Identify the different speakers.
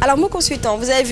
Speaker 1: alors mon consultant
Speaker 2: vous avez vu